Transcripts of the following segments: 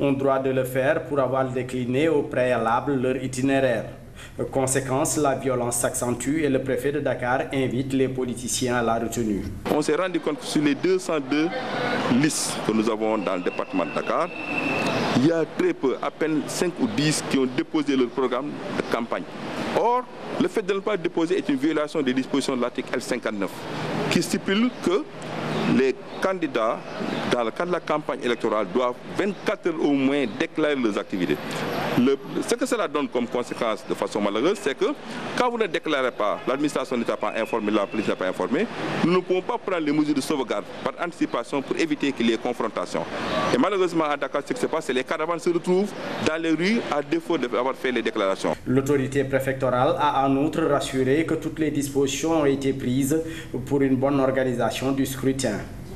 ont droit de le faire pour avoir décliné au la violence s'accentue et le préfet de Dakar invite les politiciens la retenue. On s'est rendu compte que sur les 202 listes que a très peu, à peine 5 ou programme campagne. Or, le fait de ne pas déposer est une violation des dispositions de L59 qui stipule les candidats, dans le cadre la campagne électorale, doivent 24 heures au moins déclarer leurs activités. Le, ce que cela donne comme conséquence de façon malheureuse, c'est que quand vous ne déclarez pas, l'administration n'est pas informée, nous ne pouvons pas prendre les mesures de sauvegarde par anticipation pour éviter qu'il y ait confrontation. Et malheureusement, à Dakar, ce qui se passe, c'est que les caravanes se retrouvent dans les rues à défaut d'avoir fait les déclarations. L'autorité préfectorale a en outre rassuré que toutes les dispositions ont été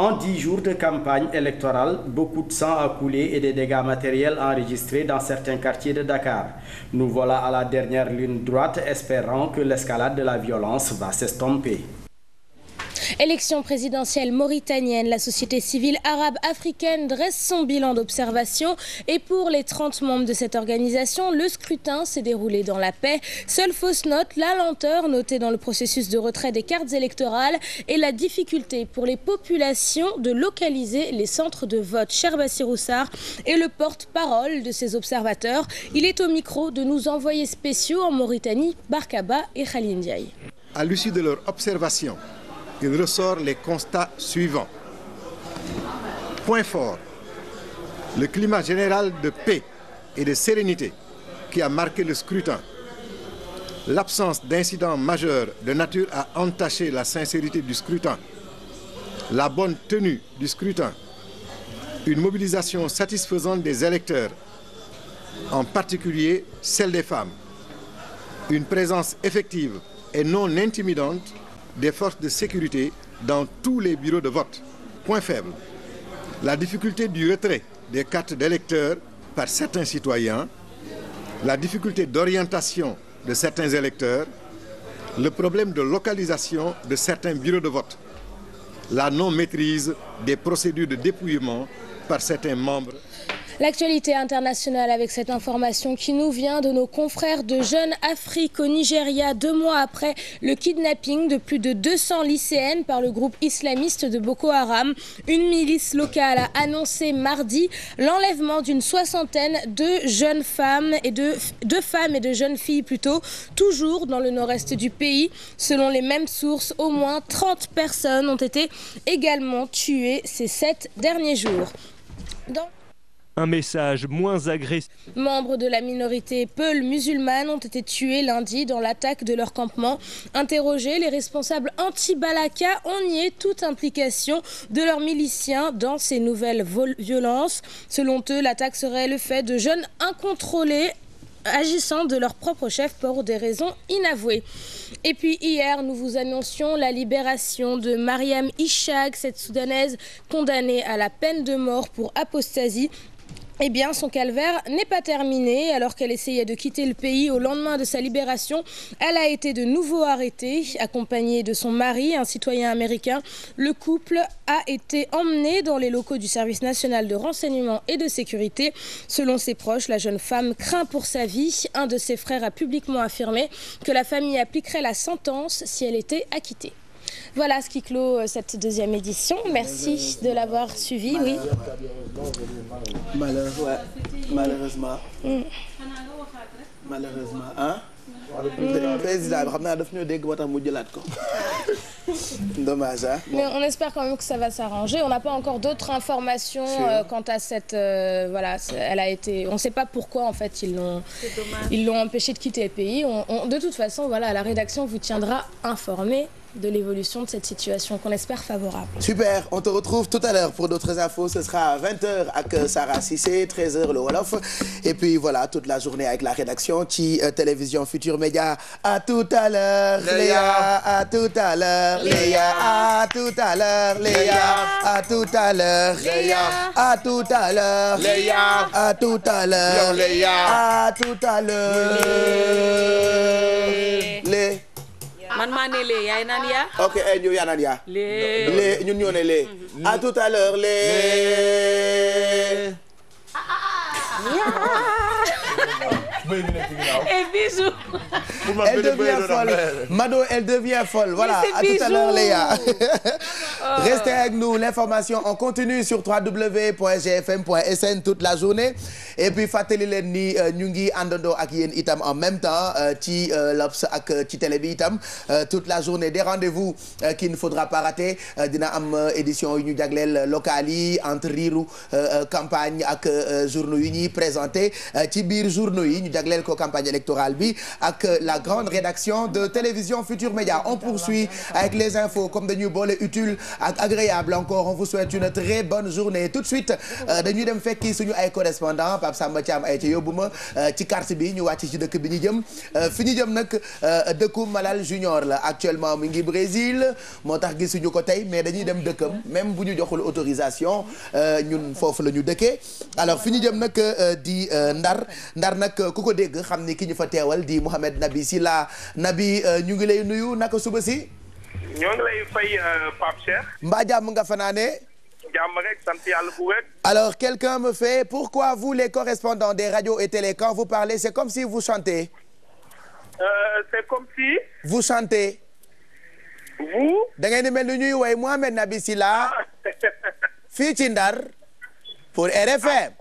En dix jours de campagne électorale, beaucoup de sang a coulé et des dégâts matériels enregistrés dans certains quartiers de Dakar. Nous voilà à la dernière ligne droite, espérant que l'escalade de la violence va s'estomper. Élection présidentielle mauritanienne, la société civile arabe africaine dresse son bilan d'observation et pour les 30 membres de cette organisation, le scrutin s'est déroulé dans la paix. Seule fausse note, la lenteur notée dans le processus de retrait des cartes électorales et la difficulté pour les populations de localiser les centres de vote. Cher Bassirou Sarr le porte-parole de ces observateurs. Il est au micro de nos envoyés spéciaux en Mauritanie, Barkaba et Khalil Ndiaye. À il ressort les constats suivants. Point fort, le climat général de paix et de sérénité qui a marqué le scrutin, l'absence d'incidents majeurs de nature à entacher la sincérité du scrutin, la bonne tenue du scrutin, une mobilisation satisfaisante des électeurs, en particulier celle des femmes, une présence effective et non intimidante des forces de sécurité dans tous les bureaux de vote. Point faible, la difficulté du retrait des cartes d'électeurs par certains citoyens, la difficulté d'orientation de certains électeurs, le problème de localisation de certains bureaux de vote, la non-maîtrise des procédures de dépouillement par certains membres L'actualité internationale avec cette information qui nous vient de nos confrères de Jeune Afrique au Nigeria, deux mois après le kidnapping de plus de 200 lycéennes par le groupe islamiste de Boko Haram. Une milice locale a annoncé mardi l'enlèvement d'une soixantaine de jeunes femmes et de, jeunes filles plutôt, toujours dans le nord-est du pays. Selon les mêmes sources, au moins 30 personnes ont été également tuées ces sept derniers jours. Un message moins agressif. Membres de la minorité peul musulmane ont été tués lundi dans l'attaque de leur campement. Interrogés, les responsables anti-Balaka ont nié toute implication de leurs miliciens dans ces nouvelles violences. Selon eux, l'attaque serait le fait de jeunes incontrôlés agissant de leur propre chef pour des raisons inavouées. Et puis hier, nous vous annoncions la libération de Mariam Ishak, cette Soudanaise condamnée à la peine de mort pour apostasie Eh bien, son calvaire n'est pas terminé. Alors qu'elle essayait de quitter le pays au lendemain de sa libération, elle a été de nouveau arrêtée, accompagnée de son mari, un citoyen américain. Le couple a été emmené dans les locaux du service national de renseignement et de sécurité. Selon ses proches, la jeune femme craint pour sa vie. Un de ses frères a publiquement affirmé que la famille appliquerait la sentence si elle était acquittée. Voilà ce qui clôt euh, cette deuxième édition. Merci de l'avoir suivi. Oui. Malheureusement. xam naa daf ñoo dégg moo tax mu jëlaat ko mais on espère quand même que ça va s'arranger on n'a pas encore d'autres informations. Euh, quant à cette euh, voilà elle a été on ne sait pas pourquoi en fait ils l'ont empêché de quitter le pays de toute façon la rédaction vous tiendra informé. de l'évolution de cette situation qu'on espère favorable. Super, on te retrouve tout à l'heure pour d'autres infos. Ce sera à 20h avec euh, Sarah Cissé, 13h le Et puis voilà, toute la journée avec la rédaction ci euh, Télévision Futur Média. À tout à l'heure, Léa. man maa ne lee yaay naan yaa. ok eh, ñu yaa naan yaa. lee ñun lee. Mm-hmm. à tout à l'heure lee. Ah, ah, ah, bëy bi nekk ginnaaw. et eh, bisou. elle devient folle Mado elle devient folle voilà à tout à l'heure Léa. Oh. restez avec nous l'information on continue sur www.gfm.sn toute la journée et puis fàttali leen ni euh, ñu ngi àndandoo ak yéen itam en même temps euh, ci euh, L'Obs ak ci télé bi itam toute la journée des rendez-vous qu'il ne faudra pas rater dina am édition yu ñu jagleel locales yi entre riiru campagne ak journaux yu ñuy présenté ci biir journaux yi jagleel ko campagne électorale bi ak euh, la grande rédaction de télévision Futur Média on poursuit avec les infos comme dañuy boole utile agréable encore on vous souhaite une très bonne journée tout de suite euh, dañuy dem fekki suñu ay correspondant Pape Samba Thiam ay ci yóbbu ma euh, ci carte bi ñu wàcc ci dëkk bi ñu jëm fi ñu jëm nag dëkku Malal Junior la actuellement mu ngi Brésil moo tax gisuñu ko tey mais dañuy dem dëkkam même bu ñu joxul autorisation ñun foofu la ñu alors fi ñu jëm ko dégg xam ni ki ñu fa teewal di Mouhamed Nabi Sylla Nabi euh, ñu ngi lay nuyu naka suba si. ñoo ngi lay fay euh, Pape Cheikh. mbaa jàmm nga fanaane jàmm rek sant yàlla bu wér. alors quelqu'un me fait pourquoi vous les correspondants des radios et télé quand vous parlez c'est comme si vous chantez. Euh, vous chantez. vous. da ngeen mel ni ñuy woy Mouhamed Nabi Sylla fii ci Ndar pour RFM.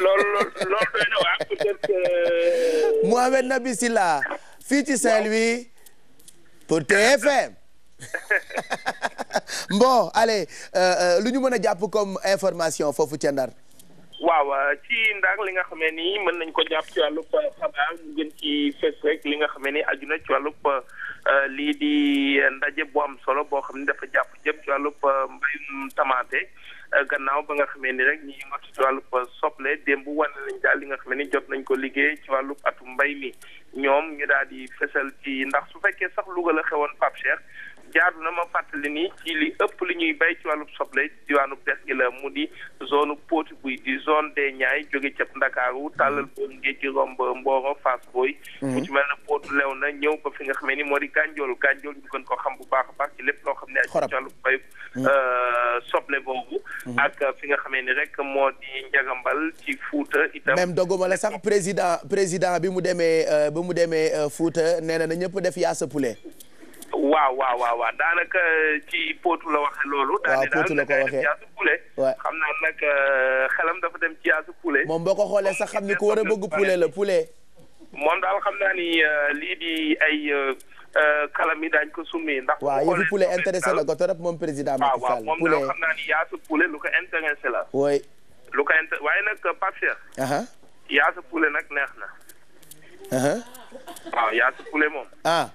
loolu loolu loolu doy na waa peut-être. Euh, Mouhamed Nabi Silla fii ci Saint-Louis pour TFM. bon allez euh, euh, lu ñu mën a jàpp comme information foofu ca Ndar. waaw ci ndax li nga xamee nii mën nañ ko jàpp ci wàllub xabaar mu ci fës rek li nga xamee ni aju na ci wàllub lii di ndaje boo am solo boo xam ne dafa jàpp jëm ci wàllub mbayum tamaate. Euh, gannaaw ba nga xamee ni rek ñi yëngatu ci wàllub soble démb wane nañ daal li nga xamee ni jot nañ ko liggéey ci wàllu atum mbay mi ñoom ñu daal di fesal ci ndax su fekkee sax Louga la xewoon Pape Cheikh jaar na ma fàttali ni ci li ëpp li ñuy bay ci wàllub soble diwaanu des gi la mu di zone pot Bouy di zone des Niayes jóge cap Ndakaaru tàllal boobu ngéej gi romb Mboro Fass Boy mhm. mu ci mel ne Potou lew na ñëw ba fi nga xamee ni moo di gànjool gànjool ñu ko xam bu baax a baax ci lépp loo xam ne ak ci wàllub bayub mhm. euh, soble boobu mhm. ak fi nga xamee ni rek moo di njagambal ci Fuuta itam même doguma la sax président président bi mu demee euh, ba mu demee euh, Fuuta nee na na ñëpp def yaa sa waaw waaw waaw waaw daanaka euh, ci pootu la waxee loolu. waaw pootu la ko waxee daanaka daanaka xam naa nag euh, xelam dafa dem ci yaasu poulet. moom boo ko xoolee sax xam ni ku war a bëgg poulet la poulet. moom daal xam naa ni euh, lii di ay. kalam yi daañu ko summi ndax. waaw yëfi poulet intéressé la ko torop moom président Macky Sall. poulet waaw waaw moom xam naa ni yaasu poulet lu ko intéressé la. oui. lu ko inter waaye nag Pape uh-huh. yaasu poulet nag neex na. Uh-huh. waaw yaasu poulet moom. ah.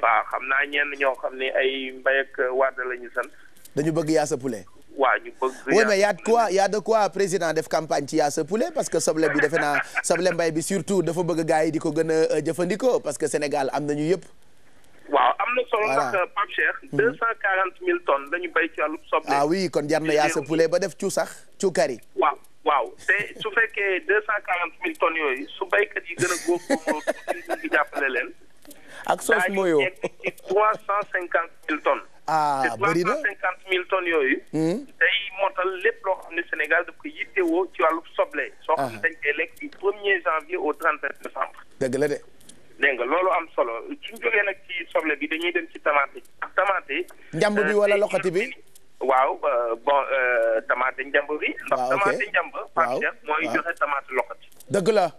waaw xam naa ñenn ñoo xam ne ay mbay ak wadd la ñu sant. dañu bëgg yaa sa poulet. waaw ñu bëgg. oui mais y' a de quoi y' président def campagne ci yaa sa parce que soble bi defe naa soble mbay bi surtout dafa bëgg gars yi di ko gën a euh, jëfandikoo parce que Sénégal am nañu yëpp. waaw am na solo ndax euh, Pape Cheikh. Mhm. deux cent quarante mille tonnes dañu béy ci wàllu soble. ah kon jar na yaa sa ba def cu sax cu kari. waaw waaw te su fekkee deux cent quarante mille tonnes yooyu su béykat ak soos mooyoo daa ñu ci trois cent cinquante mille tonnes. ah bëri na te trois cent cinquante mille tonnes yooyu. Hmm? day motal lépp loo xam ne Sénégal daf ko yittewoo ci wàllu soble. Ah. soo xam dañ koy lekk du premier janvier au trente et un décembre. dëgg la de. dégg nga loolu am solo suñ jógee nag ci soble bi dañuy dem ci tomate bi. Euh, euh, euh, tomate. njàmb bi wala loxoti bi. waaw bon tomate njàmb bi. waaw ok ndax tomate njàmb. waaw waaw mooy joxe tomate loxoti. dëgg la.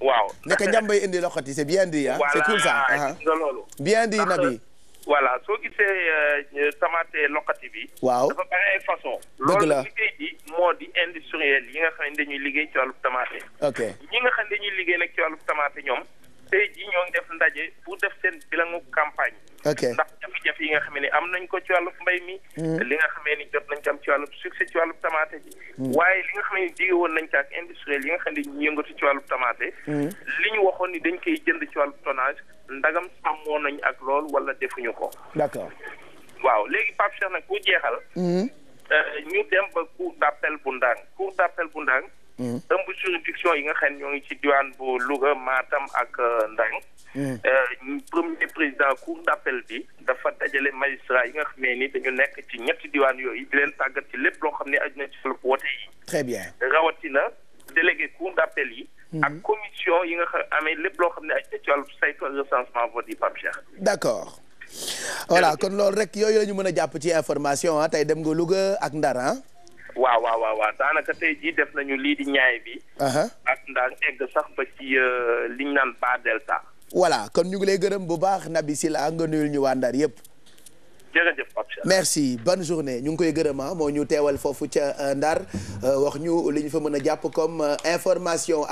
waaw nekk njambay indi loxoti c'est bien dit ah. c'est cool ça voilà uh-huh. loolu. bien dit Nabi. voilà soo gisee euh, tamaate loxoti bi. waaw dafa bari ay façon. dëgg la loolu liggéey bi moo di industriel yi nga xam ne dañuy liggéey ci wàllu tamaate. ok ñi nga xam ne dañuy liggéey nag ci wàllu tamaate ñoom. tey jii ñoo def ndaje pour def seen bilangu campagne. ok ndax jafe-jafe yi nga xamee ni am nañ ko ci wàllub mbay mi. Mm-hmm. li nga xame ni jot nañ ko am ci wàllub succès ci wàllub tamaate ji. Mm-hmm. waaye li nga xamee ni jige woon nañ ko ak industriel yi nga xam ne ñu yëngatu ci wàllub tamaate. Mm-hmm. li ñu waxoon ni dañ koy jënd ci wàllub tonnage ndagam sàmmoo nañ ak lool wala defuñu ko. d'accord waaw léegi Pape Cheikh nag ku jeexal. Euh, ñu dem ba cour d'appel bu Ndang cour d'appel bu Ndang Mm. ëmb juridiction yi nga xam ñoo ngi ci diwaan bu luga maatam ak euh, Ndang mm. euh, premier président cour d'appel bi dafa dajale magistrat yi nga xam ne ni dañu nekk ci ñetti diwaan yooyu di leen tàggat ci lépp loo xam ne aju na ci wàllu woote yi. très bien rawatina délégué cour d'appel yi. Mm. ak commission yi nga xam amee lépp loo xam ne aju na ci wàllu saytu ak recensement vote yi Pape Cheikh. d'accord voilà kon loolu rek yooyu la ñu mën a jàpp ci information ah tey dem nga Louga ak Ndar ah. waaw waaw waaw waaw daanaka tey jii def nañu lii di ñaay bi. Uh-huh. ak ndax egg sax ba ci euh, liñ naan ba delta. voilà kon ñu ngi lay gërëm bu baax Naby Sylla nga nuyul ñu waa Ndar yëpp. jërëjëf merci bonne journée ñu ngi koy gërëm ah, moo ñu teewal foofu ca euh, Ndar euh, wax ñu li ñu fa mën a jàpp comme information.